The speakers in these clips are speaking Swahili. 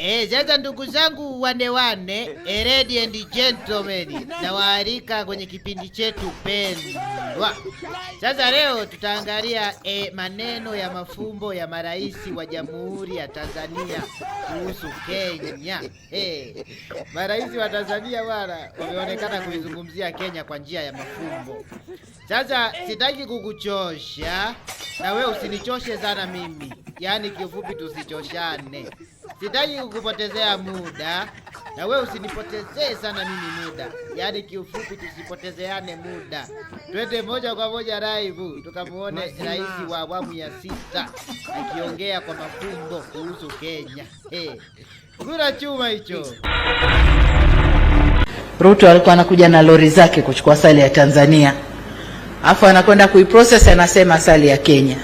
Eh, sasa ndugu zangu wane wane, ladies and gentlemen, nawaalika kwenye kipindi chetu pendwa. Sasa leo tutaangalia eh, maneno ya mafumbo ya marais wa Jamhuri ya Tanzania kuhusu Kenya. Eh, marais wa Tanzania wala wameonekana kuizungumzia Kenya kwa njia ya mafumbo. Sasa sitaki kukuchosha na we usinichoshe sana mimi, yaani kiufupi tusichoshane. Sitaki kukupotezea muda na we usinipotezee sana mimi muda, yaani kiufupi, tusipotezeane muda, twende moja kwa moja live tukamuone rais wa awamu ya sita akiongea kwa mafumbo kuhusu Kenya. Hey, kura chuma hicho. Ruto alikuwa anakuja na lori zake kuchukua asali ya Tanzania, alafu anakwenda kuiprocess, anasema asali ya Kenya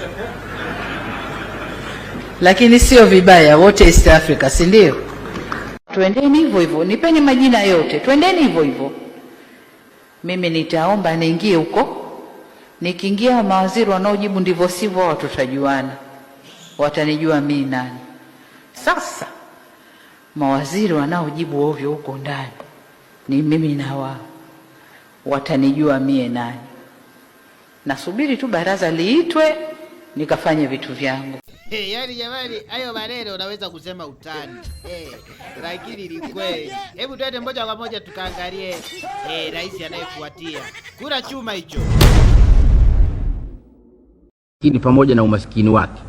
lakini sio vibaya, wote East Africa, si ndio? Twendeni hivyo hivyo, nipeni majina yote, twendeni hivyo hivyo. Mimi nitaomba niingie huko, nikiingia mawaziri wanaojibu ndivyo sivyo, wao tutajuana, watanijua mimi nani. Sasa mawaziri wanaojibu ovyo huko ndani ni mimi na wao, watanijua mie nani. Nasubiri tu baraza liitwe nikafanye vitu vyangu. Hey, eh, yani jamani, hayo maneno unaweza kusema utani hey, eh, lakini ni kweli. Hebu twende moja kwa moja tukaangalie hey, eh, rais anayefuatia kura chuma hicho. ni pamoja na umasikini wake,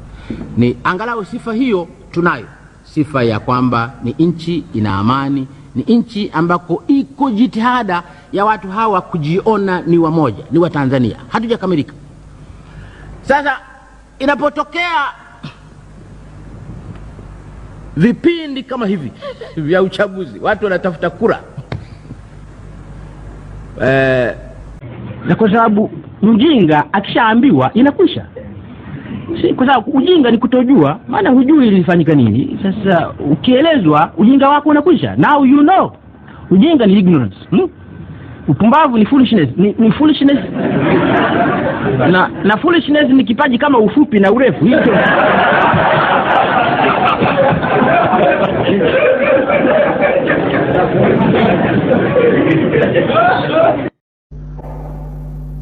ni angalau sifa hiyo tunayo, sifa ya kwamba ni nchi ina amani, ni nchi ambako iko jitihada ya watu hawa kujiona ni wamoja, ni Watanzania. Hatujakamilika sasa Inapotokea vipindi kama hivi vya uchaguzi, watu wanatafuta kura eh, na kwa sababu mjinga akishaambiwa inakwisha. Si kwa sababu ujinga ni kutojua, maana hujui ilifanyika nini. Sasa ukielezwa ujinga wako unakwisha, now you know. Ujinga ni ignorance hmm? Upumbavu ni foolishness, ni, ni foolishness na na foolishness ni kipaji kama ufupi na urefu hicho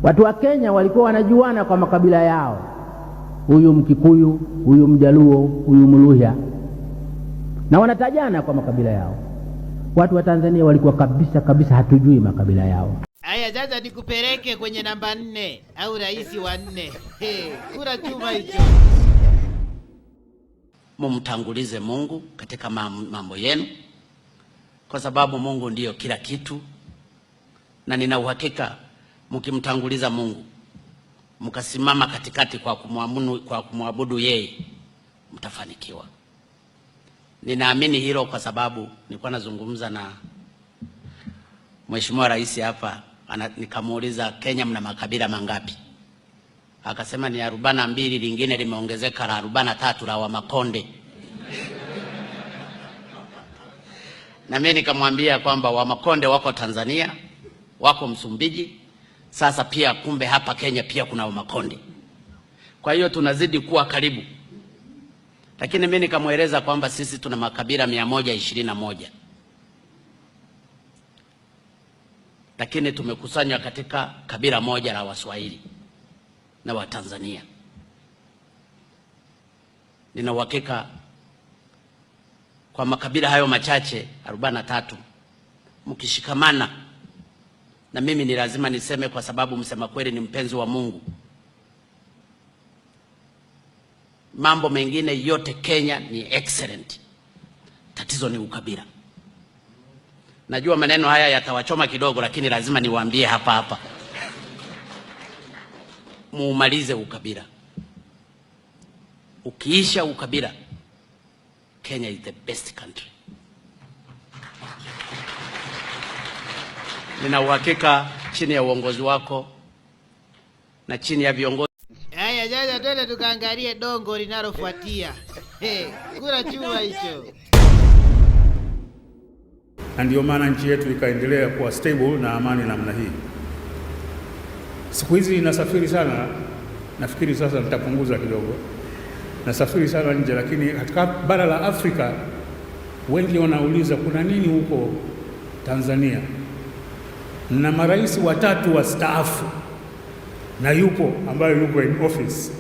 Watu wa Kenya walikuwa wanajuana kwa makabila yao, huyu Mkikuyu, huyu Mjaluo, huyu Mluhya, na wanatajana kwa makabila yao. Watu wa Tanzania walikuwa kabisa kabisa hatujui makabila yao ngoja nikupeleke kwenye namba nne au rais wa nne. kura chuma hicho. Mumtangulize Mungu katika mambo yenu, kwa sababu Mungu ndiyo kila kitu, na nina uhakika mkimtanguliza Mungu mkasimama katikati kwa kumwabudu, kwa kumwabudu yeye mtafanikiwa. Ninaamini hilo kwa sababu nilikuwa nazungumza na Mheshimiwa Rais hapa Nikamuuliza, Kenya mna makabila mangapi? Akasema ni arobaini na mbili, lingine limeongezeka la arobaini na tatu la Wamakonde. na mimi nikamwambia kwamba Wamakonde wako Tanzania, wako Msumbiji, sasa pia kumbe hapa Kenya pia kuna Wamakonde. Kwa hiyo tunazidi kuwa karibu, lakini mimi nikamweleza kwamba sisi tuna makabila mia moja ishirini na moja. lakini tumekusanywa katika kabila moja la Waswahili na Watanzania. Nina uhakika kwa makabila hayo machache 43 mkishikamana, na mimi ni lazima niseme, kwa sababu msema kweli ni mpenzi wa Mungu. Mambo mengine yote Kenya ni excellent, tatizo ni ukabila. Najua maneno haya yatawachoma kidogo, lakini lazima niwaambie hapa hapa, muumalize ukabila. Ukiisha ukabila, Kenya is the best country. Nina uhakika chini ya uongozi wako na chini ya viongozi haya. Jaja, twende tukaangalie dongo linalofuatia. Hey, kula chuma hicho na ndio maana nchi yetu ikaendelea kuwa stable na amani namna hii. Siku hizi nasafiri sana, nafikiri sasa nitapunguza kidogo, nasafiri sana nje, lakini katika bara la Afrika wengi wanauliza kuna nini huko Tanzania, na marais watatu wastaafu na yupo ambayo yuko in office,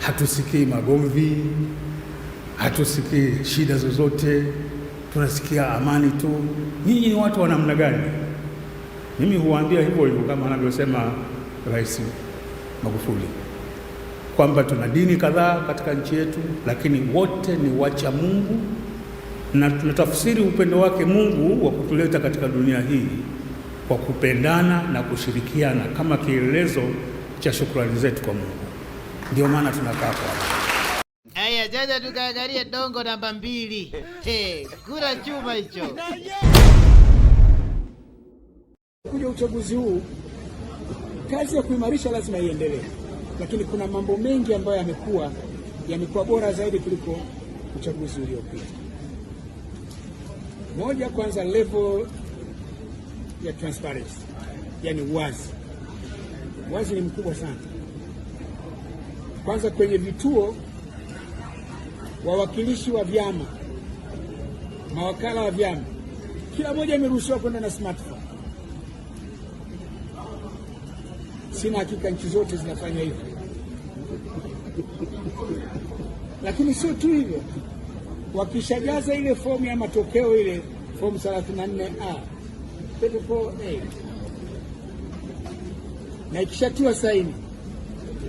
hatusikii magomvi, hatusikii shida zozote tunasikia amani tu. Nyinyi ni watu wa namna gani? Mimi huwaambia hivyo hivyo kama anavyosema Rais Magufuli kwamba tuna dini kadhaa katika nchi yetu, lakini wote ni wacha Mungu na tunatafsiri upendo wake Mungu wa kutuleta katika dunia hii kwa kupendana na kushirikiana kama kielelezo cha shukrani zetu kwa Mungu. Ndio maana tunakaa kwa Aya, jaja tukaangalie dongo namba mbili. Hey, chuma hicho. Kuja uchaguzi huu, kazi ya kuimarisha lazima iendelee, lakini kuna mambo mengi ambayo yamekuwa yamekuwa bora zaidi kuliko uchaguzi uliopita. Moja, kwanza level ya transparency, yani wazi wazi ni mkubwa sana, kwanza kwenye vituo wawakilishi wa vyama, mawakala wa vyama, kila mmoja ameruhusiwa kwenda na smartphone. Sina hakika nchi zote zinafanya hivyo, lakini sio tu hivyo, wakishajaza ile fomu ya matokeo ile fomu 34A na ikishatiwa saini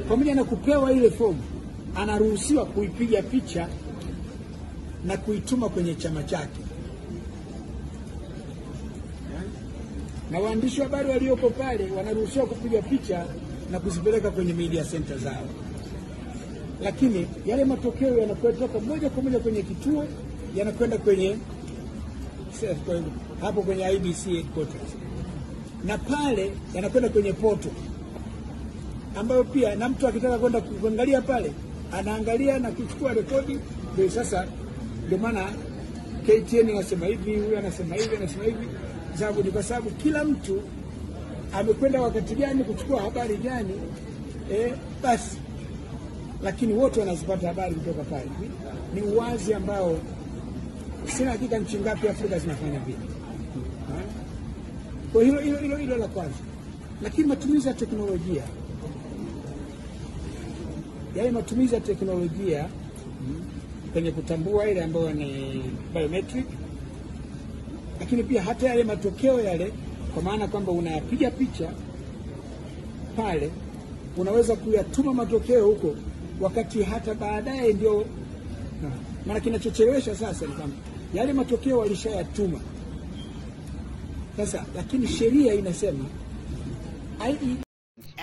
pamoja na kupewa ile fomu anaruhusiwa kuipiga picha na kuituma kwenye chama chake. Na waandishi wa habari walioko pale wanaruhusiwa kupiga picha na kuzipeleka kwenye media center zao, lakini yale matokeo yanakutoka moja kwa moja kwenye kituo yanakwenda kwenye hapo kwenye IBC headquarters na pale yanakwenda kwenye poto ambayo pia na mtu akitaka kwenda kuangalia pale anaangalia na kuchukua rekodi. Ndio sasa, ndio maana KTN anasema hivi, huyu anasema hivi, anasema hivi, sababu ni kwa sababu kila mtu amekwenda wakati gani kuchukua habari gani, eh, basi lakini wote wanazipata habari kutoka pale. Ni uwazi ambao sina hakika nchi ngapi Afrika zinafanya vile. Kwa hilo hilo hilo la kwanza, lakini matumizi ya teknolojia yaani matumizi ya teknolojia mm, kwenye kutambua ile ambayo ni biometric, lakini pia hata yale matokeo yale, kwa maana kwamba unayapiga picha pale, unaweza kuyatuma matokeo huko, wakati hata baadaye ndio maana kinachochelewesha sasa ni kwamba yale matokeo walishayatuma sasa, lakini sheria inasema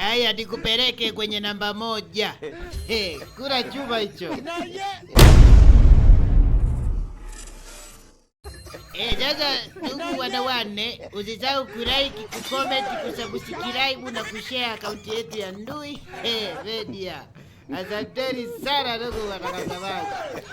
Aya, nikupeleke kwenye namba moja. Hey, kula chuma hicho. Eh, sasa ndugu wanawane, usisahau kulike, kucomment, kusubscribe na kushare akaunti yetu ya Ndui eh, Media. Asanteni sana ndugu watangazaji.